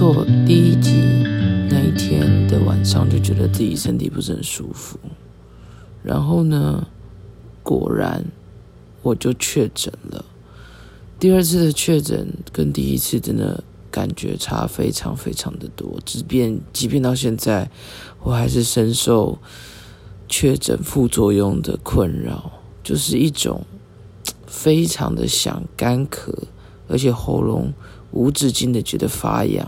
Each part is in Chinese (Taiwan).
做第一集那一天的晚上，就覺得自己身體不是很舒服。然後呢，果然我就確診了。第二次的確診跟第一次真的感覺差非常非常的多。即便即便到現在，我還是深受確診副作用的困擾，就是一種非常的想乾咳，而且喉嚨無止境的覺得發癢。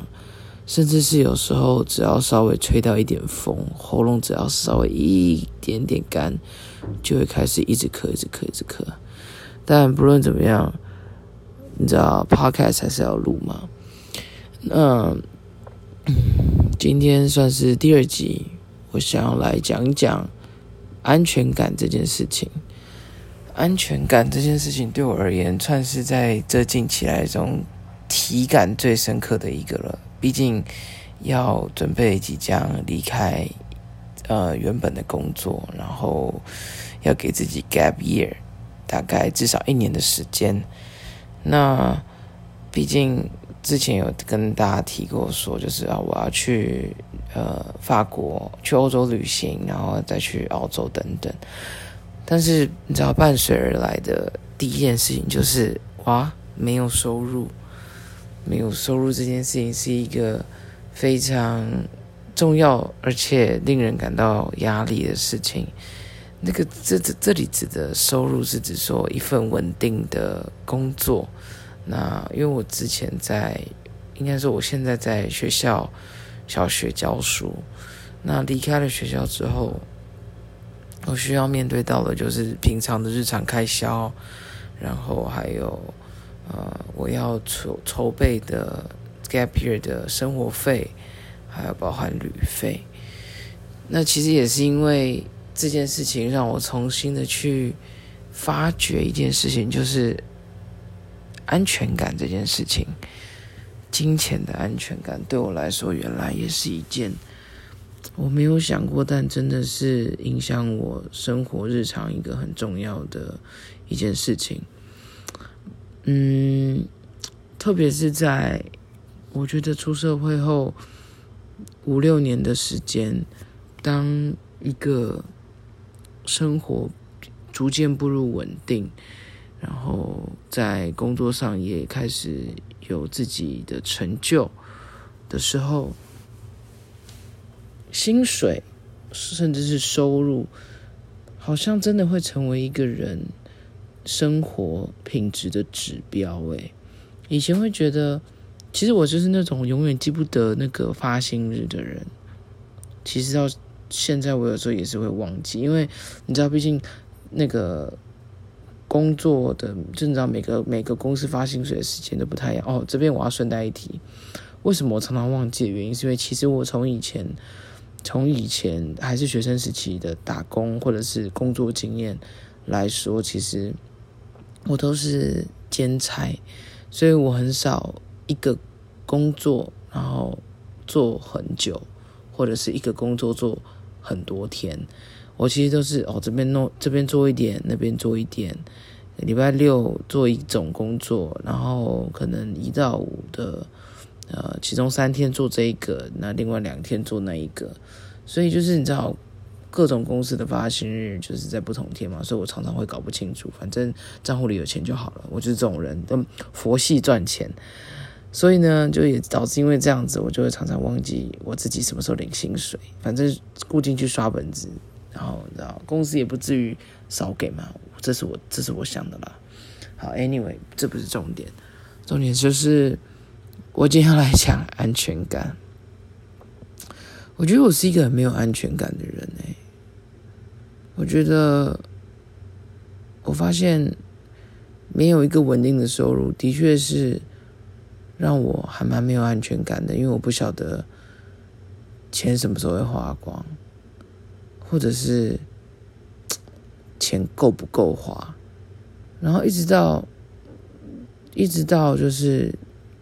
甚至是有時候，只要稍微吹到一點風，喉嚨只要稍微一點點乾，就會開始一直咳，一直咳，一直咳。但不論怎麼樣，你知道 Podcast 還是要錄嘛。那今天算是第二集，我想要來講一講安全感這件事情。安全感這件事情對我而言，算是在這近期來中體感最深刻的一個了。畢竟要準備即將離開呃原本的工作，然後要給自己 gap year，大概至少一年的時間。那畢竟之前有跟大家提過說，就是啊我要去呃法國，去歐洲旅行，然後再去澳洲等等。但是你知道伴隨而來的第一件事情就是，哇，沒有收入。沒有收入這件事情是一個非常重要而且令人感到壓力的事情。那個這這這裡指的收入是指說一份穩定的工作。那因為我之前在，應該說我現在在學校小學教書。那離開了學校之後，我需要面對到的就是平常的日常開銷，然後還有。呃，我要籌籌備的 Gap Year 的生活費，還有包含旅費。那其實也是因為這件事情讓我重新的去發掘一件事情，就是安全感這件事情。金錢的安全感對我來說，原來也是一件我沒有想過，但真的是影響我生活日常一個很重要的一件事情。嗯，特別是在我覺得出社會後五六年的時間，當一個生活逐漸步入穩定，然後在工作上也開始有自己的成就的時候，薪水甚至是收入，好像真的會成為一個人。生活品質的指標，欸，喂，以前會覺得，其實我就是那種永遠記不得那個發薪日的人。其實到現在，我有時候也是會忘記，因為你知道，畢竟那個工作的，就是你知道，每個每個公司發薪水的時間都不太一樣。哦，這邊我要順帶一提，為什麼我常常忘記的原因，是因為其實我從以前，從以前還是學生時期的打工或者是工作經驗來說，其實。我都是兼差，所以我很少一個工作然後做很久，或者是一個工作做很多天。我其實都是哦，這邊弄這邊做一點，那邊做一點。禮拜六做一種工作，然後可能一到五的呃，其中三天做這一個，那另外兩天做那一個。所以就是你知道。各種公司的發薪日就是在不同天嘛，所以我常常會搞不清楚。反正賬戶裡有錢就好了，我就是這種人，佛系賺錢。所以呢，就也導致因為這樣子，我就會常常忘記我自己什麼時候領薪水。反正固定去刷本子，然後，然後公司也不至於少給嘛。這是我，這是我想的啦。好，Anyway，這不是重點，重點就是我今天要來講安全感。我覺得我是一個很沒有安全感的人，誒、欸。我覺得，我發現沒有一個穩定的收入，的確是讓我還蠻沒有安全感的，因為我不曉得錢什麼時候會花光，或者是錢夠不夠花，然後一直到一直到就是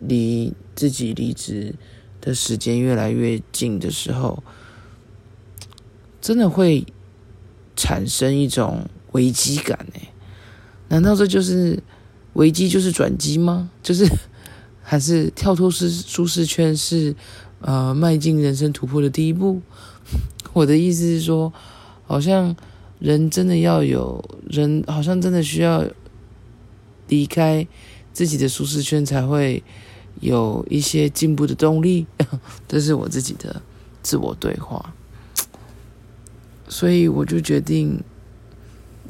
離自己離職的時間越來越近的時候，真的會，產生一種危機感呢？難道這就是危機就是轉機嗎？就是還是跳脫舒舒適圈是呃邁進人生突破的第一步？ 我的意思是說，好像人真的要有人好像真的需要離開自己的舒適圈才會有一些進步的動力。 這是我自己的自我對話。所以我就決定，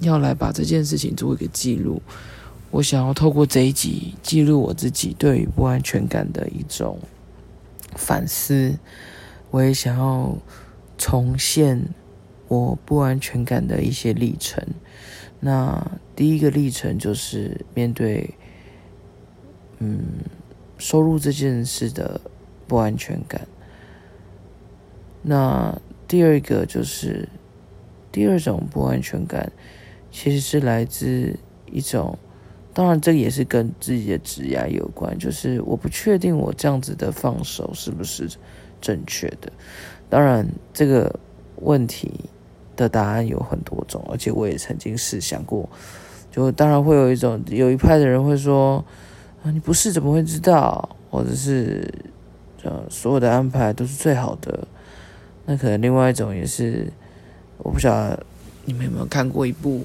要來把這件事情做一個記錄。我想要透過這一集記錄我自己對於不安全感的一種反思。我也想要重現我不安全感的一些歷程。那第一個歷程就是面對，嗯，收入這件事的不安全感。那第二個就是。第二種不安全感，其實是來自一種，當然這個也是跟自己的指壓有關，就是我不確定我這樣子的放手是不是正確的。當然這個問題的答案有很多種，而且我也曾經試想過，就當然會有一種，有一派的人會說啊，你不試怎麼會知道？或者是，呃，所有的安排都是最好的。那可能另外一種也是。我不曉得你們有沒有看過一部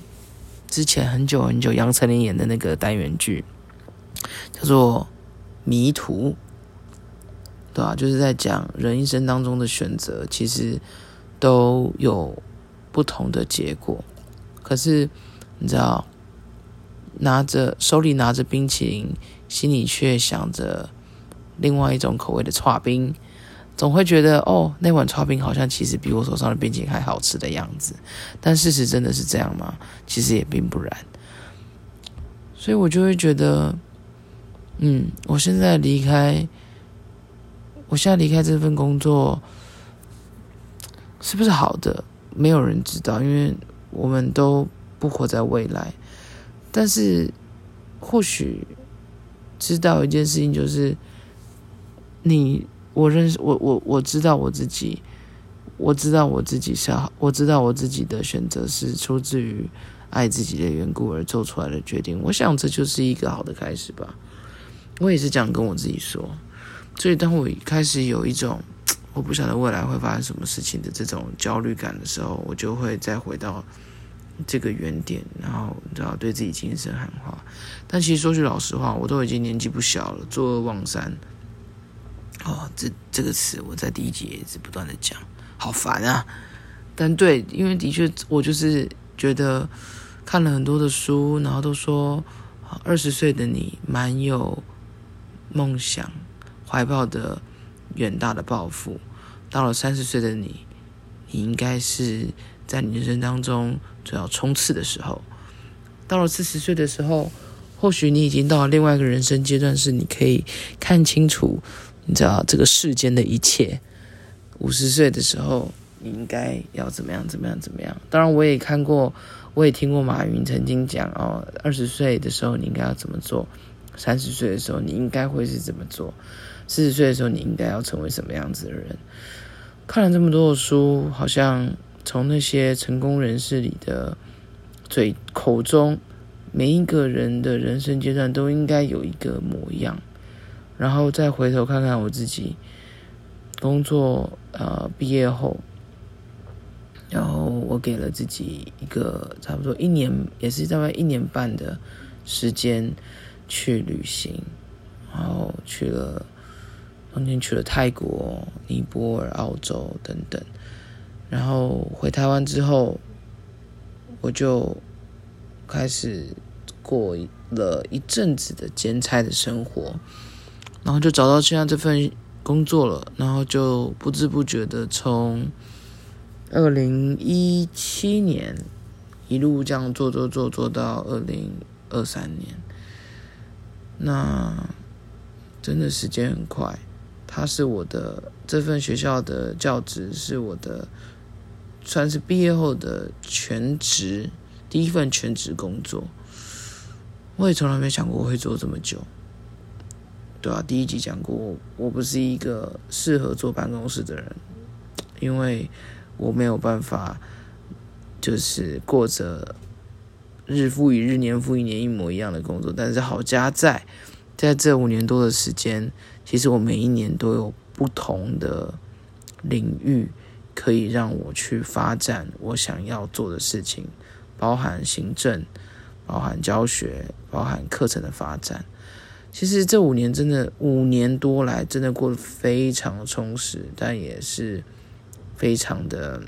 之前很久很久楊丞琳演的那個單元劇，叫做《迷途》，對啊？就是在講人一生當中的選擇，其實都有不同的結果。可是你知道，拿着手裡拿着冰淇淋，心裡卻想着另外一種口味的刨冰。總會覺得哦，那碗炒餅好像其實比我手上的冰淇淋還好吃的樣子，但事實真的是這樣嗎？其實也並不然。所以我就會覺得，嗯，我現在離開，我現在離開這份工作，是不是好的？沒有人知道，因為我們都不活在未來。但是，或許知道一件事情就是，你。我認識我我我知道我自己，我知道我自己是好，我知道我自己的選擇是出自於愛自己的緣故而做出來的決定。我想這就是一個好的開始吧。我也是這樣跟我自己說。所以當我開始有一種我不曉得未來會發生什麼事情的這種焦慮感的時候，我就會再回到這個原點，然後然後對自己精神喊話。但其實說句老實話，我都已經年紀不小了，坐二望三。哦，這這個詞我在第一節也是不斷的講，好煩啊！但對，因為的確我就是覺得看了很多的書，然後都說二十歲的你蠻有夢想，懷抱的遠大的抱負。到了三十歲的你，你應該是在你人生當中主要衝刺的時候。到了四十歲的時候，或許你已經到了另外一個人生階段，是你可以看清楚。你知道這個世間的一切，五十歲的時候你應該要怎麼樣？怎麼樣？怎麼樣？當然，我也看過，我也聽過馬雲曾經講哦，二十歲的時候你應該要怎麼做，三十歲的時候你應該會是怎麼做，四十歲的時候你應該要成為什麼樣子的人？看了這麼多的書，好像從那些成功人士裡的嘴口中，每一個人的人生階段都應該有一個模樣。然後再回頭看看我自己工作，呃，畢業後，然後我給了自己一個差不多一年，也是大概一年半的時間去旅行，然後去了，中間去了泰國、尼泊爾、澳洲等等，然後回台灣之後，我就開始過了一陣子的兼差的生活。然後就找到現在這份工作了，然後就不知不覺的從二零一七年一路這樣做做做做到二零二三年，那真的時間很快。他是我的，這份學校的教職是我的算是畢業後的全職，第一份全職工作，我也從來沒想過我會做這麼久。主要第一集講過，我不是一個適合坐辦公室的人，因為我沒有辦法，就是過着日復一日、年復一年一模一樣的工作。但是好家在，在這五年多的時間，其實我每一年都有不同的領域可以讓我去發展我想要做的事情，包含行政、包含教學、包含課程的發展。其實這五年真的五年多來，真的過得非常充實，但也是非常的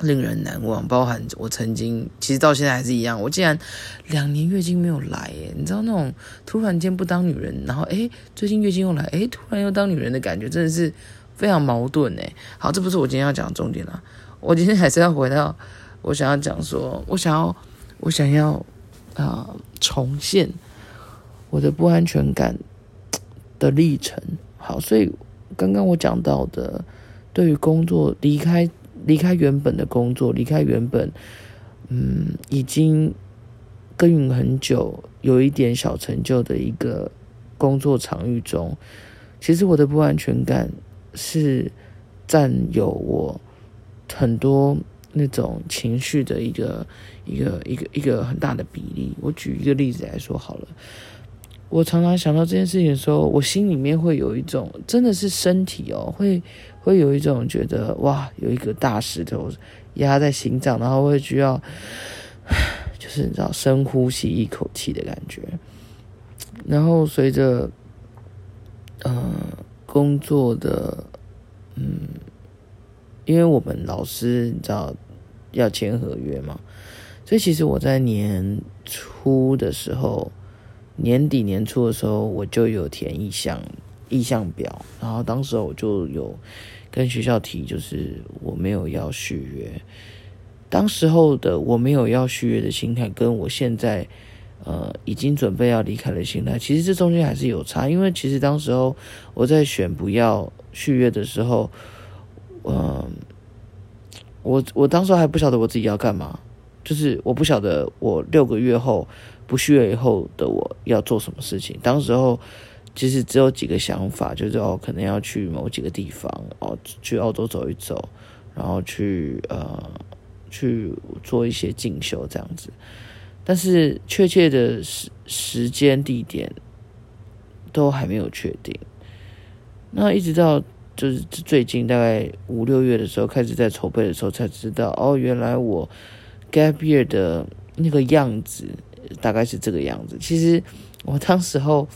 令人難忘。包含我曾經，其實到現在還是一樣，我竟然兩年月經沒有來。耶，你知道那種突然間不當女人，然後誒最近月經又來，誒突然又當女人的感覺，真的是非常矛盾誒。好，這不是我今天要講的重點啦。我今天還是要回到我想要講說，說我想要我想要啊、呃、重現。我的不安全感的歷程，好，所以剛剛我講到的，對於工作離開離開原本的工作，離開原本，嗯，已經耕耘很久，有一點小成就的一個工作場域中，其實我的不安全感是佔有我很多那種情緒的一個一個一個一個很大的比例。我舉一個例子來說好了。我常常想到這件事情的時候，我心裡面會有一種真的是身體哦，會會有一種覺得哇，有一個大石頭壓在心臟，然後會需要就是你知道深呼吸一口氣的感覺。然後隨着嗯工作的嗯，因為我們老師你知道要簽合約嘛，所以其實我在年初的時候。年底年初的時候，我就有填意向意向表，然後當時我就有跟學校提，就是我沒有要續約。當時候的我沒有要續約的心態，跟我現在呃已經準備要離開的心態，其實這中間還是有差。因為其實當時候我在選不要續約的時候，嗯、呃，我我當時還不曉得我自己要幹嘛，就是我不曉得我六個月後。不續約以後的我要做什麼事情？當時候其實只有幾個想法，就是哦，可能要去某幾個地方，哦，去澳洲走一走，然後去呃去做一些進修這樣子。但是確切的時時間地點都還沒有確定。那一直到就是最近大概五六月的時候開始在籌備的時候才知道，哦，原來我 gap year 的那個樣子。大概是這個樣子。其實我當時候，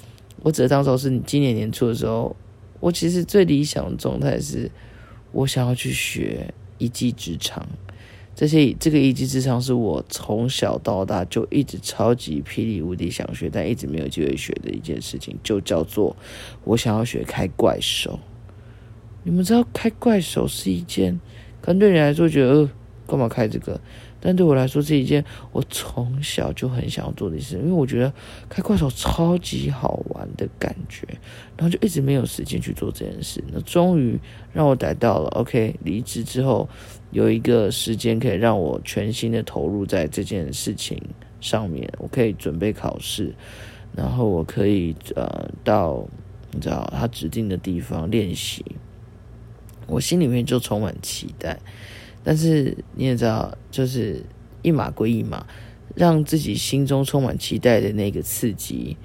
我只當時候是你今年年初的時候，我其實最理想的狀態是，我想要去學一技之長。這些這個一技之長是我從小到大就一直超級霹靂無敵想學，但一直沒有機會學的一件事情，就叫做我想要學開怪手。你們知道開怪手是一件，可能對你來說覺得，呃，幹嘛開這個？但對我來說，是一件我從小就很想要做的事，因為我覺得開怪手超級好玩的感覺，然後就一直沒有時間去做這件事。那終於讓我逮到了，OK，離職之後有一個時間可以讓我全心的投入在這件事情上面，我可以準備考試，然後我可以呃到你知道他指定的地方練習，我心裡面就充滿期待。但是你也知道，就是一碼歸一碼，讓自己心中充滿期待的那個刺激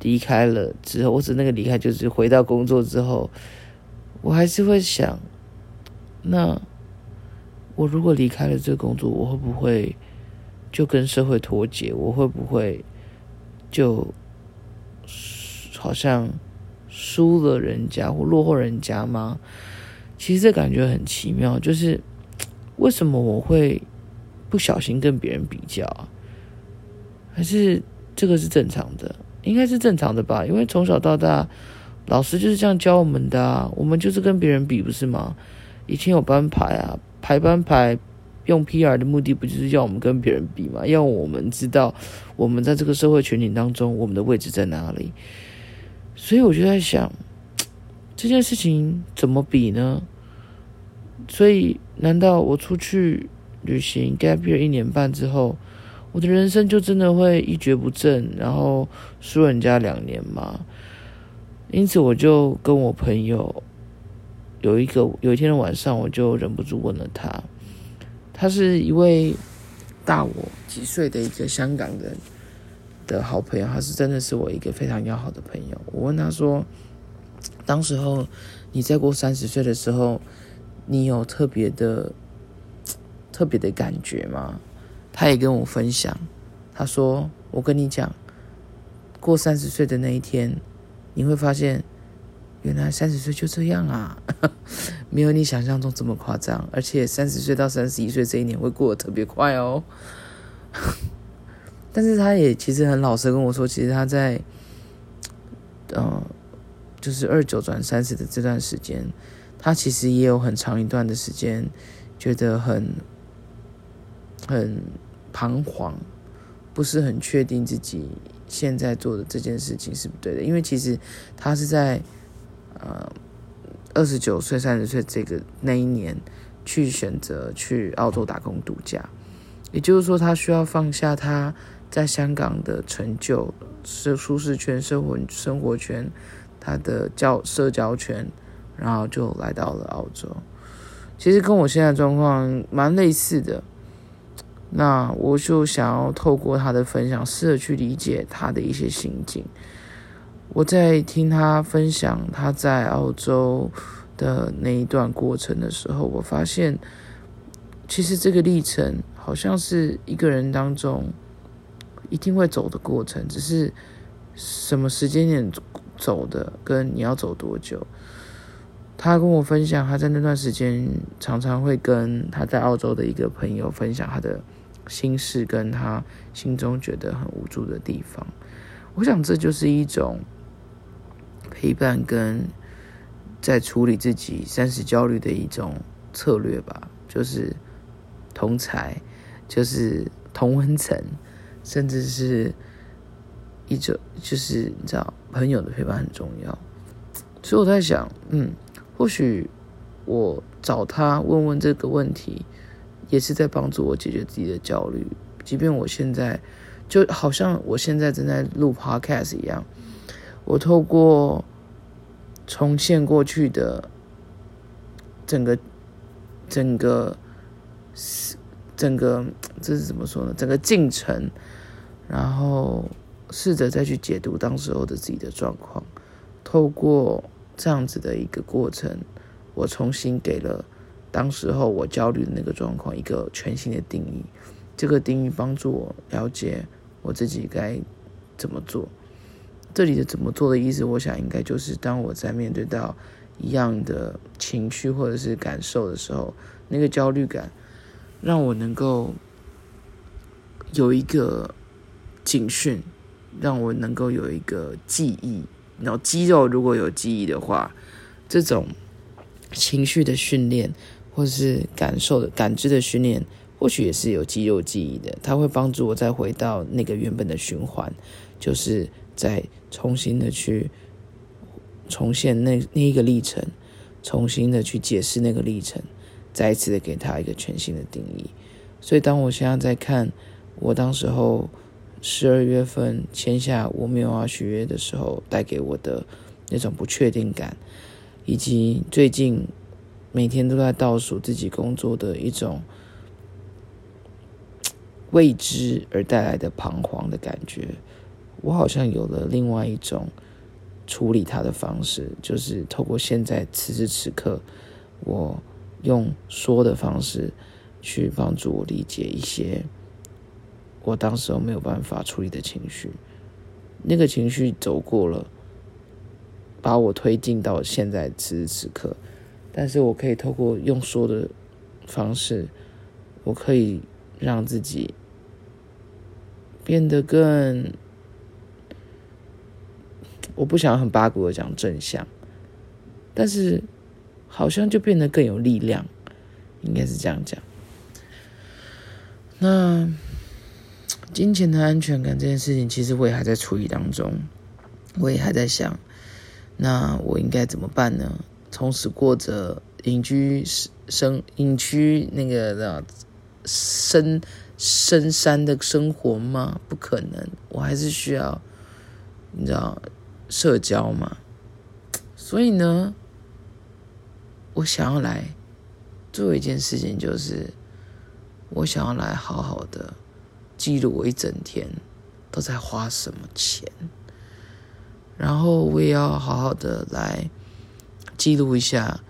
離開了之後，或者那個離開就是回到工作之後，我還是會想，那我如果離開了這個工作，我會不會就跟社會脫節？我會不會就好像輸了人家或落後人家嗎？其實這感覺很奇妙，就是。為什麼我會不小心跟別人比較？還是這個是正常的？應該是正常的吧？因為從小到大，老師就是這樣教我們的啊。我們就是跟別人比，不是嗎？以前有班排啊，排班排，用 PR 的目的不就是要我們跟別人比嗎？要我們知道我們在這個社會群體當中，我們的位置在哪裡。所以我就在想，這件事情怎麼比呢？所以，難道我出去旅行 gap year 一年半之後，我的人生就真的會一蹶不振，然後輸人家兩年嗎？因此，我就跟我朋友有一個有一天的晚上，我就忍不住問了他。他是一位大我幾歲的一個香港人的好朋友，他是真的是我一個非常要好的朋友。我問他說，當時候你在過三十歲的時候。你有特別的、特別的感覺嗎？他也跟我分享，他說：“我跟你講，過三十歲的那一天，你會發現，原來三十歲就這樣啊， 沒有你想象中這麼誇張。而且三十歲到三十一歲這一年會過得特別快哦。 ”但是他也其實很老實跟我說，其實他在，呃，就是二九轉三十的這段時間。他其實也有很長一段的時間，覺得很很彷徨，不是很確定自己現在做的這件事情是不對的，因為其實他是在呃二十九歲三十歲這個那一年去選擇去澳洲打工度假，也就是說他需要放下他在香港的成就、社舒適圈、生活生活圈、他的交社交圈。然後就來到了澳洲，其實跟我現在狀況蠻類似的。那我就想要透過他的分享，試着去理解他的一些心境。我在聽他分享他在澳洲的那一段過程的時候，我發現，其實這個歷程好像是一個人當中一定會走的過程，只是什麼時間點走的，跟你要走多久。他跟我分享，他在那段時間常常會跟他在澳洲的一個朋友分享他的心事，跟他心中覺得很無助的地方。我想這就是一種陪伴，跟在處理自己三十焦慮的一種策略吧。就是同儕，就是同溫層，甚至是一種就是你知道，朋友的陪伴很重要。所以我在想，嗯。或許我找他問問這個問題，也是在幫助我解決自己的焦慮。即便我現在就好像我現在正在錄 podcast 一樣，我透過重現過去的整個、整個、整個，這是怎麼說呢？整個進程，然後試着再去解讀當時候的自己的狀況，透過。這樣子的一個過程，我重新給了當時候我焦慮的那個狀況一個全新的定義。這個定義幫助我了解我自己該怎麼做。這裡的“怎麼做”的意思，我想應該就是當我在面對到一樣的情緒或者是感受的時候，那個焦慮感讓我能夠有一個警訊，讓我能夠有一個記憶。然後肌肉如果有記憶的話，這種情緒的訓練，或者是感受的感知的訓練，或許也是有肌肉記憶的。它會幫助我再回到那個原本的循環，就是再重新的去重現那那一個歷程，重新的去解釋那個歷程，再一次的給它一個全新的定義。所以當我現在在看，我當時候。十二月份簽下我沒有啊續約的時候帶給我的那種不確定感，以及最近每天都在倒數自己工作的一種未知而帶來的彷徨的感覺，我好像有了另外一種處理它的方式，就是透過現在此時此刻，我用說的方式去幫助我理解一些。我當時都沒有辦法處理的情緒，那個情緒走過了，把我推進到現在此時此刻。但是我可以透過用說的方式，我可以讓自己變得更……我不想很八股的講正向，但是好像就變得更有力量，應該是這樣講。那。金錢的安全感這件事情，其實我也還在處理當中，我也還在想，那我應該怎麼辦呢？從此過着隱居生隱居那個的深深山的生活嗎？不可能，我還是需要你知道社交嘛。所以呢，我想要來做一件事情，就是我想要來好好的。記錄我一整天都在花什麼錢，然後我也要好好的來記錄一下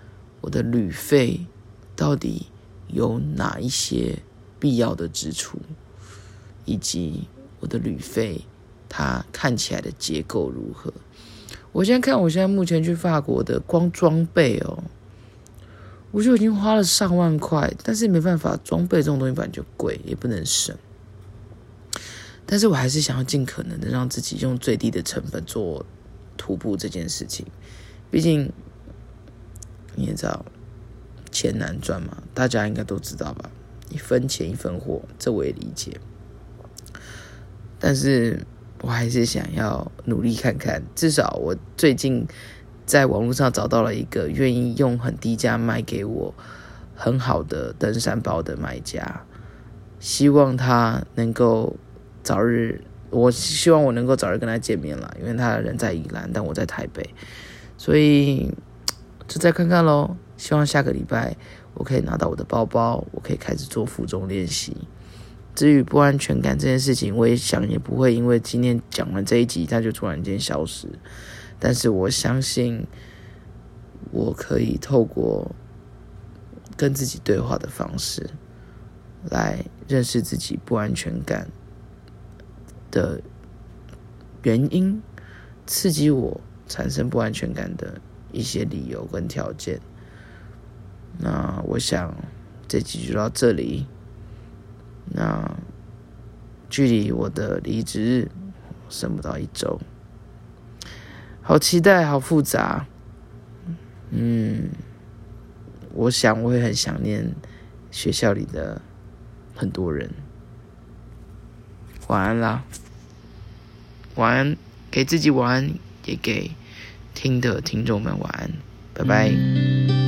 我的旅費到底有哪一些必要的支出，以及我的旅費它看起來的結構如何。我現在看，我現在目前去法國的光裝備哦，我就已經花了上萬塊，但是沒辦法，裝備這種東西反正就貴，也不能省。但是我還是想要盡可能的讓自己用最低的成本做徒步這件事情。畢竟你也知道錢難賺嘛，大家應該都知道吧？一分錢一分貨，這我也理解。但是我還是想要努力看看，至少我最近在網絡上找到了一個願意用很低價賣給我很好的登山包的賣家，希望他能夠。早日，我希望我能夠早日跟他見面了，因為他人在宜蘭，但我在台北，所以就再看看嘍。希望下個禮拜我可以拿到我的包包，我可以開始做負重練習。至於不安全感這件事情，我也想也不會因為今天講完這一集他就突然間消失。但是我相信，我可以透過跟自己對話的方式來認識自己不安全感的原因，刺激我產生不安全感的一些理由跟條件。那我想這集就到這裡。那距離我的離職日剩不到一周，好期待，好複雜。嗯，我想我會很想念學校裡的很多人。晚安啦。晚安，給自己晚安，也給聽的聽眾們晚安，拜拜。